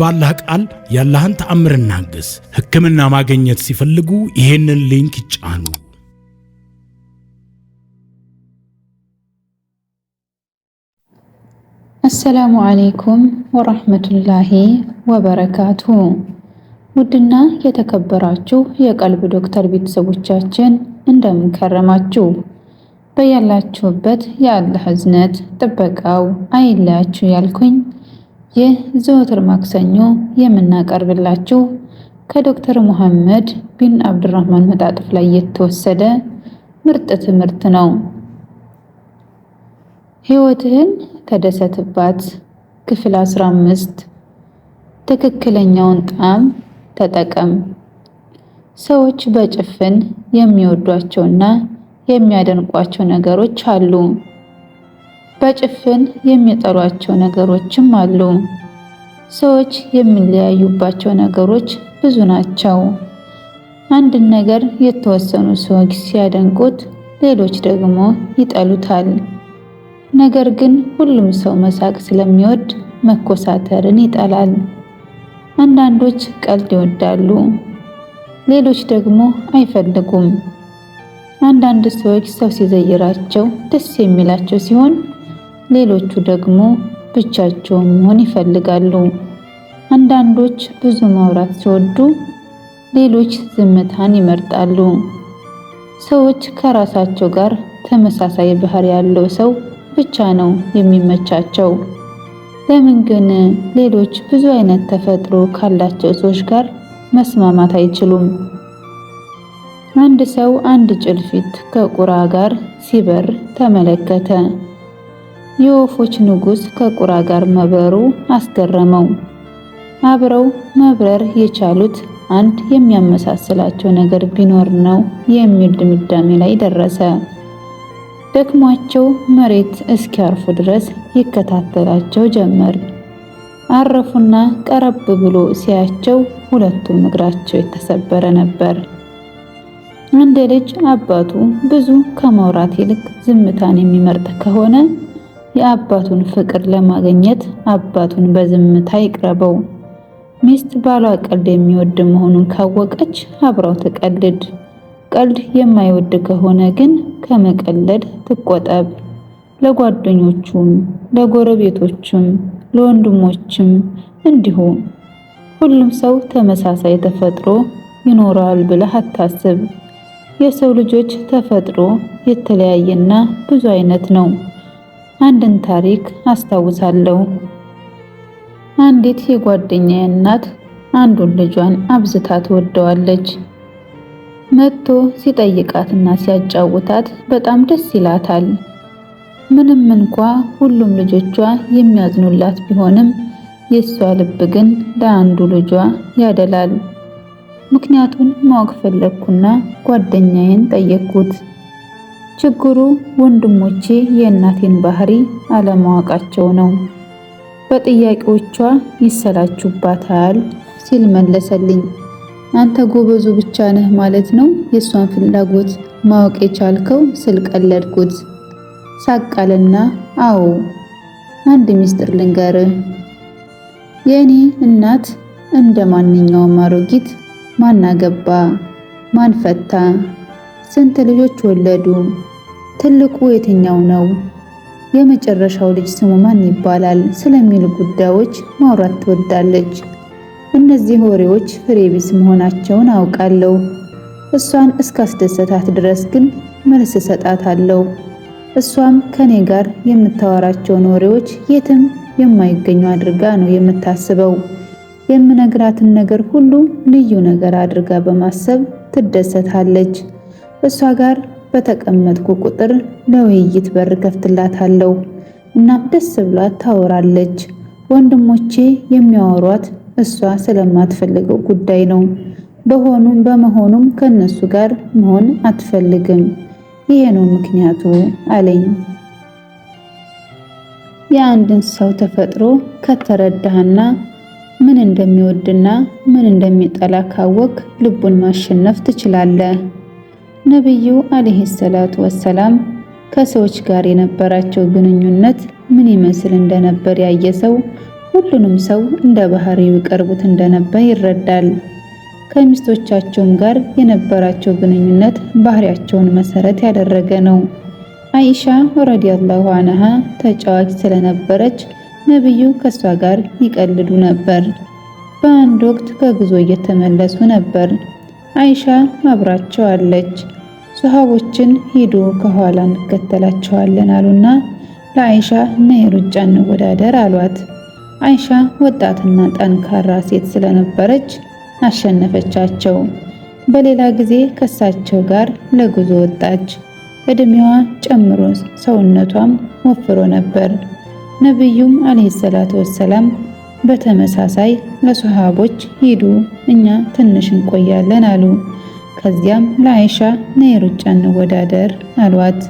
ባላህ ቃል ያላህን ተአምር እናግስ። ሕክምና ማግኘት ሲፈልጉ ይሄንን ሊንክ ይጫኑ። አሰላሙ አሌይኩም ወራህመቱላሂ ወበረካቱ። ውድና የተከበራችሁ የቀልብ ዶክተር ቤተሰቦቻችን እንደምን ከረማችሁ? በያላችሁበት የአላህ እዝነት ጥበቃው አይለያችሁ ያልኩኝ ይህ ዘወትር ማክሰኞ የምናቀርብላችሁ ከዶክተር ሙሐመድ ቢን አብዱራህማን መጣጥፍ ላይ የተወሰደ ምርጥ ትምህርት ነው። ህይወትህን ተደሰትባት። ክፍል 15 ትክክለኛውን ጣዕም ተጠቀም። ሰዎች በጭፍን የሚወዷቸውና የሚያደንቋቸው ነገሮች አሉ። በጭፍን የሚጠሏቸው ነገሮችም አሉ። ሰዎች የሚለያዩባቸው ነገሮች ብዙ ናቸው። አንድን ነገር የተወሰኑ ሰዎች ሲያደንቁት፣ ሌሎች ደግሞ ይጠሉታል። ነገር ግን ሁሉም ሰው መሳቅ ስለሚወድ መኮሳተርን ይጠላል። አንዳንዶች ቀልድ ይወዳሉ፣ ሌሎች ደግሞ አይፈልጉም። አንዳንድ ሰዎች ሰው ሲዘይራቸው ደስ የሚላቸው ሲሆን ሌሎቹ ደግሞ ብቻቸውን መሆን ይፈልጋሉ። አንዳንዶች ብዙ ማውራት ሲወዱ፣ ሌሎች ዝምታን ይመርጣሉ። ሰዎች ከራሳቸው ጋር ተመሳሳይ ባህሪ ያለው ሰው ብቻ ነው የሚመቻቸው። ለምን ግን ሌሎች ብዙ አይነት ተፈጥሮ ካላቸው ሰዎች ጋር መስማማት አይችሉም? አንድ ሰው አንድ ጭልፊት ከቁራ ጋር ሲበር ተመለከተ። የወፎች ንጉስ ከቁራ ጋር መብረሩ አስገረመው። አብረው መብረር የቻሉት አንድ የሚያመሳስላቸው ነገር ቢኖር ነው የሚል ድምዳሜ ላይ ደረሰ። ደክሟቸው መሬት እስኪያርፉ ድረስ ይከታተላቸው ጀመር። አረፉና ቀረብ ብሎ ሲያቸው ሁለቱም እግራቸው የተሰበረ ነበር። እንደ ልጅ አባቱ ብዙ ከማውራት ይልቅ ዝምታን የሚመርጥ ከሆነ የአባቱን ፍቅር ለማግኘት አባቱን በዝምታ ይቅረበው። ሚስት ባሏ ቀልድ የሚወድ መሆኑን ካወቀች አብራው ትቀልድ። ቀልድ የማይወድ ከሆነ ግን ከመቀለድ ትቆጠብ። ለጓደኞቹም፣ ለጎረቤቶቹም፣ ለወንድሞችም እንዲሁም ሁሉም ሰው ተመሳሳይ ተፈጥሮ ይኖረዋል ብለህ አታስብ። የሰው ልጆች ተፈጥሮ የተለያየና ብዙ አይነት ነው። አንድን ታሪክ አስታውሳለሁ። አንዲት የጓደኛዬ እናት አንዱን ልጇን አብዝታ ትወደዋለች። መጥቶ ሲጠይቃትና ሲያጫውታት በጣም ደስ ይላታል። ምንም እንኳ ሁሉም ልጆቿ የሚያዝኑላት ቢሆንም የእሷ ልብ ግን ለአንዱ ልጇ ያደላል። ምክንያቱን ማወቅ ፈለግኩና ጓደኛዬን ጠየቅኩት። ችግሩ ወንድሞቼ የእናቴን ባህሪ አለማወቃቸው ነው፣ በጥያቄዎቿ ይሰላችሁባታል ሲል መለሰልኝ። አንተ ጎበዙ ብቻ ነህ ማለት ነው የእሷን ፍላጎት ማወቅ የቻልከው ስል ቀለድኩት። ሳቃለና አዎ አንድ ምስጢር ልንገር! የእኔ እናት እንደ ማንኛውም አሮጊት ማናገባ ማንፈታ ስንት ልጆች ወለዱ? ትልቁ የትኛው ነው? የመጨረሻው ልጅ ስሙ ማን ይባላል? ስለሚሉ ጉዳዮች ማውራት ትወዳለች። እነዚህ ወሬዎች ፍሬ ቢስ መሆናቸውን አውቃለሁ። እሷን እስካስደሰታት ድረስ ግን መልስ እሰጣታለሁ። እሷም ከኔ ጋር የምታወራቸውን ወሬዎች የትም የማይገኙ አድርጋ ነው የምታስበው። የምነግራትን ነገር ሁሉ ልዩ ነገር አድርጋ በማሰብ ትደሰታለች። እሷ ጋር በተቀመጥኩ ቁጥር ለውይይት በር ከፍትላታለሁ። እናም ደስ ብሏት ታወራለች። ወንድሞቼ የሚያወሯት እሷ ስለማትፈልገው ጉዳይ ነው። በሆኑም በመሆኑም ከነሱ ጋር መሆን አትፈልግም። ይሄ ነው ምክንያቱ አለኝ። የአንድን ሰው ተፈጥሮ ከተረዳህና ምን እንደሚወድና ምን እንደሚጠላ ካወቅ ልቡን ማሸነፍ ትችላለህ። ነቢዩ አለይሂ ሰላቱ ወሰላም ከሰዎች ጋር የነበራቸው ግንኙነት ምን ይመስል እንደነበር ያየ ሰው ሁሉንም ሰው እንደ ባህሪው ይቀርቡት እንደነበር ይረዳል። ከሚስቶቻቸውም ጋር የነበራቸው ግንኙነት ባህሪያቸውን መሰረት ያደረገ ነው። አይሻ ረዲየላሁ አንሃ ተጫዋች ስለነበረች ነቢዩ ከሷ ጋር ይቀልዱ ነበር። በአንድ ወቅት ከጉዞ እየተመለሱ ነበር። አይሻ አብራቸው አለች። ሰሃቦችን ሂዱ ከኋላ እንከተላቸዋለን አሉና ለአይሻ ነይ ሩጫ እንወዳደር አሏት። አይሻ ወጣትና ጠንካራ ሴት ስለነበረች አሸነፈቻቸው። በሌላ ጊዜ ከሳቸው ጋር ለጉዞ ወጣች። እድሜዋ ጨምሮ ሰውነቷም ወፍሮ ነበር። ነቢዩም አለይሂ ሰላቱ ወሰላም በተመሳሳይ ለሶሃቦች ሂዱ እኛ ትንሽ እንቆያለን አሉ። ከዚያም ለአይሻ ነይ ሩጫ እንወዳደር አሏት።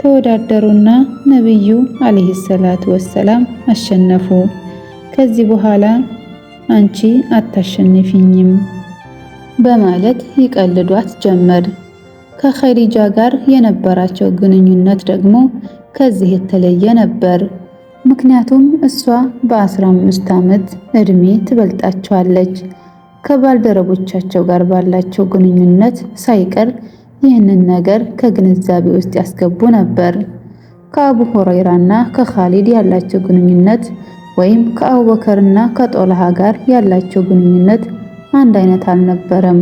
ተወዳደሩና ነቢዩ አለይሂ ሰላቱ ወሰላም አሸነፉ። ከዚህ በኋላ አንቺ አታሸንፊኝም በማለት ይቀልዷት ጀመር። ከኸዲጃ ጋር የነበራቸው ግንኙነት ደግሞ ከዚህ የተለየ ነበር። ምክንያቱም እሷ በ15 ዓመት ዕድሜ ትበልጣቸዋለች። ከባልደረቦቻቸው ጋር ባላቸው ግንኙነት ሳይቀር ይህንን ነገር ከግንዛቤ ውስጥ ያስገቡ ነበር። ከአቡ ሁረይራና ከኻሊድ ያላቸው ግንኙነት ወይም ከአቡበከርና ከጦልሃ ጋር ያላቸው ግንኙነት አንድ አይነት አልነበረም።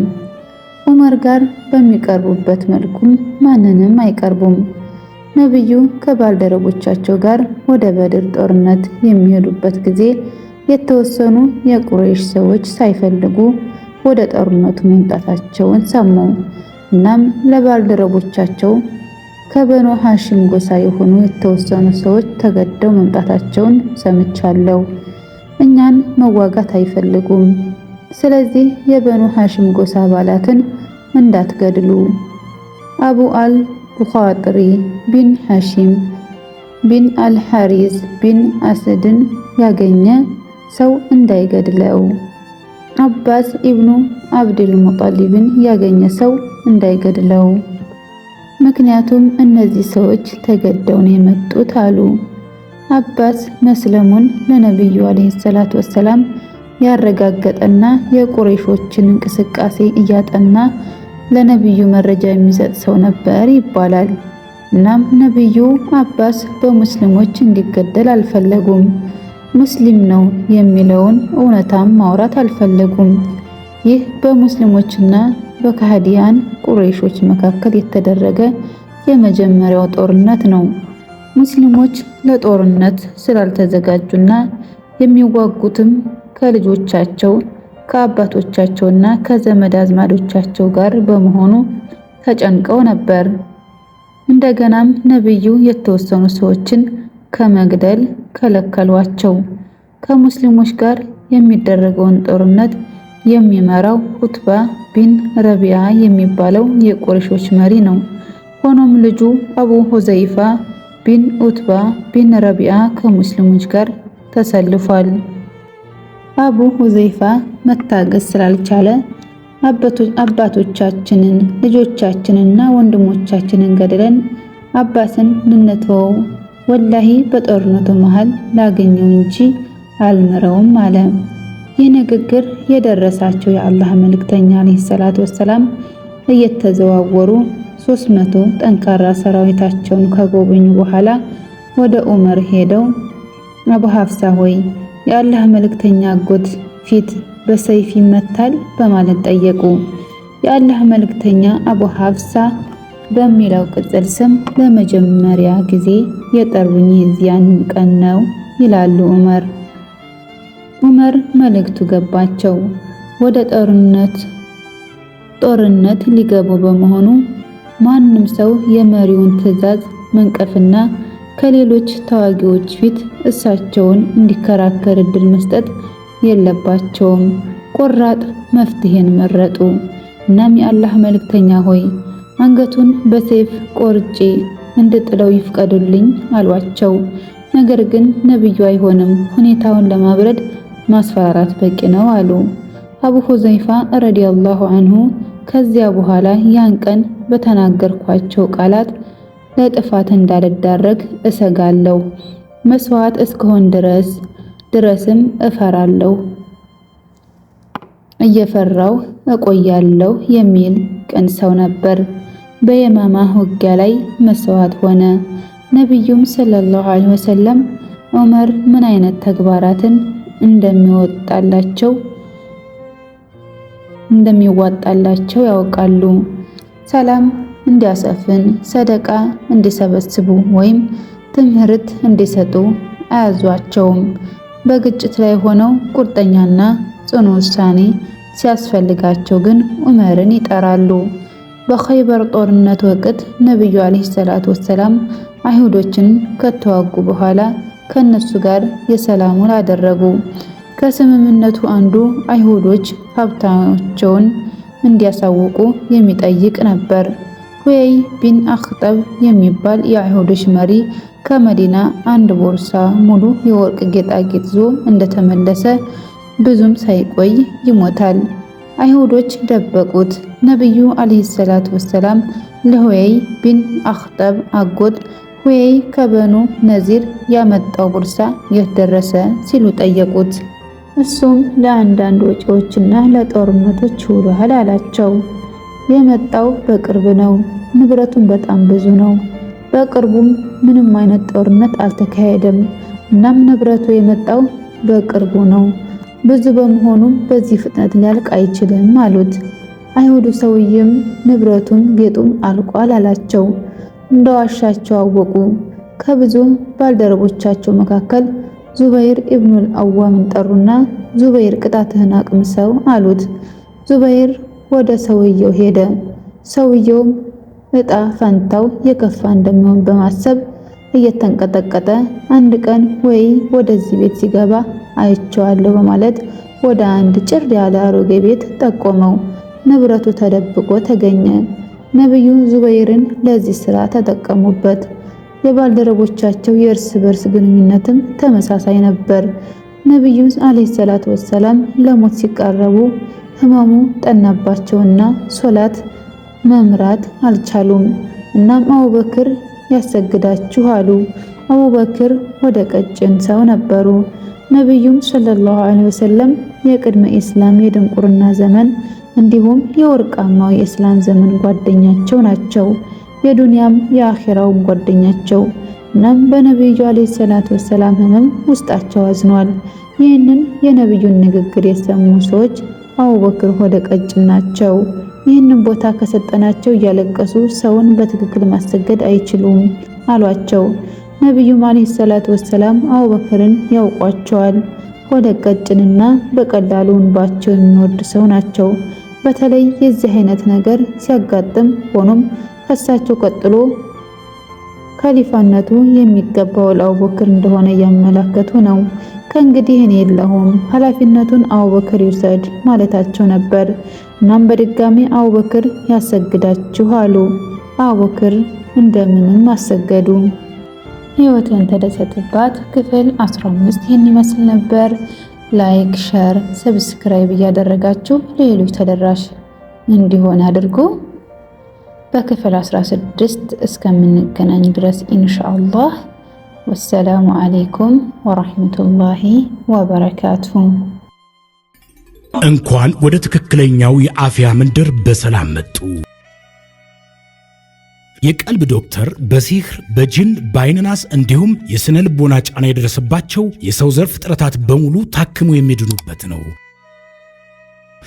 ዑመር ጋር በሚቀርቡበት መልኩም ማንንም አይቀርቡም። ነብዩ ከባልደረቦቻቸው ጋር ወደ በድር ጦርነት የሚሄዱበት ጊዜ የተወሰኑ የቁረይሽ ሰዎች ሳይፈልጉ ወደ ጦርነቱ መምጣታቸውን ሰሙ። እናም ለባልደረቦቻቸው ከበኖ ሐሽም ጎሳ የሆኑ የተወሰኑ ሰዎች ተገደው መምጣታቸውን ሰምቻለሁ። እኛን መዋጋት አይፈልጉም። ስለዚህ የበኑ ሐሽም ጎሳ አባላትን እንዳትገድሉ አቡ አል ብኻጥሪ ቢን ሐሺም ቢን አልሐሪስ ቢን አስድን ያገኘ ሰው እንዳይገድለው፣ አባስ ኢብኑ አብድል አብድልሙጠሊብን ያገኘ ሰው እንዳይገድለው። ምክንያቱም እነዚህ ሰዎች ተገደው ነው የመጡት አሉ። አባስ መስለሙን ለነቢዩ ዓለይሂ ሰላቱ ወሰላም ያረጋገጠና የቁረይሾችን እንቅስቃሴ እያጠና ለነቢዩ መረጃ የሚሰጥ ሰው ነበር ይባላል። እናም ነቢዩ አባስ በሙስሊሞች እንዲገደል አልፈለጉም። ሙስሊም ነው የሚለውን እውነታም ማውራት አልፈለጉም። ይህ በሙስሊሞችና በካህዲያን ቁረይሾች መካከል የተደረገ የመጀመሪያው ጦርነት ነው። ሙስሊሞች ለጦርነት ስላልተዘጋጁና የሚዋጉትም ከልጆቻቸው ከአባቶቻቸውና ከዘመድ አዝማዶቻቸው ጋር በመሆኑ ተጨንቀው ነበር። እንደገናም ነቢዩ የተወሰኑ ሰዎችን ከመግደል ከለከሏቸው። ከሙስሊሞች ጋር የሚደረገውን ጦርነት የሚመራው ሁትባ ቢን ረቢያ የሚባለው የቁረሾች መሪ ነው። ሆኖም ልጁ አቡ ሁዘይፋ ቢን ኡትባ ቢን ረቢያ ከሙስሊሞች ጋር ተሰልፏል። አቡ ሁዘይፋ መታገስ ስላልቻለ አባቶቻችንን ልጆቻችንንና ወንድሞቻችንን ገድለን አባስን ልንተወው ወላሂ በጦርነቱ መሃል ላገኘው እንጂ አልምረውም አለ። ይህ ንግግር የደረሳቸው የአላህ መልእክተኛ ዓለይሂ ሰላቱ ወሰላም እየተዘዋወሩ 300 መቶ ጠንካራ ሰራዊታቸውን ከጎበኙ በኋላ ወደ ዑመር ሄደው አቡ ሀፍሳ ሆይ የአላህ መልእክተኛ አጎት ፊት በሰይፍ ይመታል በማለት ጠየቁ። የአላህ መልእክተኛ አቡ ሀፍሳ በሚለው ቅጽል ስም ለመጀመሪያ ጊዜ የጠሩኝ የዚያን ቀን ነው ይላሉ ዑመር። ዑመር መልእክቱ ገባቸው። ወደ ጦርነት ጦርነት ሊገቡ በመሆኑ ማንም ሰው የመሪውን ትዕዛዝ መንቀፍና ከሌሎች ተዋጊዎች ፊት እሳቸውን እንዲከራከር እድል መስጠት የለባቸውም። ቆራጥ መፍትሄን መረጡ። እናም የአላህ መልእክተኛ ሆይ አንገቱን በሰይፍ ቆርጬ እንድጥለው ይፍቀዱልኝ አሏቸው። ነገር ግን ነብዩ አይሆንም፣ ሁኔታውን ለማብረድ ማስፈራራት በቂ ነው አሉ። አቡ ሁዘይፋ ረዲየላሁ አንሁ ከዚያ በኋላ ያን ቀን በተናገርኳቸው ቃላት ለጥፋት እንዳልዳረግ እሰጋለሁ። መስዋዕት እስከሆን ድረስ ድረስም እፈራለሁ እየፈራው እቆያለሁ የሚል ቅን ሰው ነበር። በየማማ ውጊያ ላይ መስዋዕት ሆነ። ነቢዩም ሰለላሁ ዐለይሂ ወሰለም ዑመር ምን አይነት ተግባራትን እንደሚወጣላቸው እንደሚዋጣላቸው ያውቃሉ። ሰላም እንዲያሰፍን፣ ሰደቃ እንዲሰበስቡ ወይም ትምህርት እንዲሰጡ አያዟቸውም። በግጭት ላይ ሆነው ቁርጠኛና ጽኑ ውሳኔ ሲያስፈልጋቸው ግን ዑመርን ይጠራሉ። በኸይበር ጦርነት ወቅት ነቢዩ ዓለይሂ ሰላቱ ወሰላም አይሁዶችን ከተዋጉ በኋላ ከነሱ ጋር የሰላሙን አደረጉ። ከስምምነቱ አንዱ አይሁዶች ሀብታቸውን እንዲያሳውቁ የሚጠይቅ ነበር። ሁየይ ቢን አክጠብ የሚባል የአይሁዶች መሪ ከመዲና አንድ ቦርሳ ሙሉ የወርቅ ጌጣጌጥ ይዞ እንደተመለሰ ብዙም ሳይቆይ ይሞታል። አይሁዶች ደበቁት። ነቢዩ አለይሂ ሰላቱ ወሰላም ለሁየይ ቢን አክጠብ አጎት ሁየይ ከበኑ ነዚር ያመጣው ቦርሳ የት ደረሰ ሲሉ ጠየቁት። እሱም ለአንዳንድ ወጪዎችና ለጦርነቶች ውሏል አላቸው። የመጣው በቅርብ ነው። ንብረቱም በጣም ብዙ ነው። በቅርቡም ምንም አይነት ጦርነት አልተካሄደም። እናም ንብረቱ የመጣው በቅርቡ ነው። ብዙ በመሆኑ በዚህ ፍጥነት ሊያልቅ አይችልም አሉት። አይሁዱ ሰውዬም ንብረቱም ጌጡም አልቋል አላቸው። እንደዋሻቸው አወቁ። ከብዙ ባልደረቦቻቸው መካከል ዙበይር ኢብኑል አዋምን ጠሩና ዙበይር ቅጣትህን አቅምሰው አሉት። ዙበይር ወደ ሰውየው ሄደ። ሰውየውም እጣ ፈንታው የከፋ እንደሚሆን በማሰብ እየተንቀጠቀጠ አንድ ቀን ወይ ወደዚህ ቤት ሲገባ አይቼዋለሁ በማለት ወደ አንድ ጭር ያለ አሮጌ ቤት ጠቆመው። ንብረቱ ተደብቆ ተገኘ። ነቢዩ ዙበይርን ለዚህ ስራ ተጠቀሙበት። የባልደረቦቻቸው የእርስ በርስ ግንኙነትም ተመሳሳይ ነበር። ነቢዩ አለይሂ ሰላቱ ወሰላም ለሞት ሲቀረቡ! ህመሙ ጠናባቸውና ሶላት መምራት አልቻሉም። እናም አቡበክር ያሰግዳችሁ አሉ። አቡበክር ወደ ቀጭን ሰው ነበሩ። ነቢዩም ሰለላሁ ዐለይሂ ወሰለም የቅድመ ኢስላም የድንቁርና ዘመን እንዲሁም የወርቃማው የእስላም ዘመን ጓደኛቸው ናቸው። የዱንያም የአኺራው ጓደኛቸው። እናም በነቢዩ ዐለይሂ ሰላቱ ወሰላም ህመም ውስጣቸው አዝኗል። ይህንን የነቢዩን ንግግር የሰሙ ሰዎች አቡበክር ሆደ ቀጭን ናቸው። ይህንን ቦታ ከሰጠናቸው እያለቀሱ ሰውን በትክክል ማሰገድ አይችሉም አሏቸው። ነቢዩም ዓለይሂ ሰላቱ ወሰላም አቡበክርን ያውቋቸዋል። ሆደ ቀጭንና በቀላሉ እንባቸው የሚወርድ ሰው ናቸው። በተለይ የዚህ አይነት ነገር ሲያጋጥም ሆኖም ከሳቸው ቀጥሎ ካሊፋነቱ የሚገባው ለአቡበክር እንደሆነ እያመለከቱ ነው። ከእንግዲህ እኔ የለሁም ኃላፊነቱን አቡበክር ይውሰድ ማለታቸው ነበር። እናም በድጋሚ አቡበክር ያሰግዳችሁ አሉ። አቡበክር እንደምንም አሰገዱ። ህይወትን ተደሰትባት ክፍል 15 ይህን ይመስል ነበር። ላይክ፣ ሸር፣ ሰብስክራይብ እያደረጋችሁ ለሌሎች ተደራሽ እንዲሆን አድርጉ። በክፍል 16 እስከምንገናኝ ድረስ ኢንሻአላህ። ወሰላሙ አለይኩም ወራህመቱላሂ ወበረካቱ። እንኳን ወደ ትክክለኛው የአፍያ መንደር በሰላም መጡ። የቀልብ ዶክተር በሲህር በጅን በአይነናስ እንዲሁም የስነ ልቦና ጫና የደረሰባቸው የሰው ዘርፍ ፍጥረታት በሙሉ ታክሞ የሚድኑበት ነው።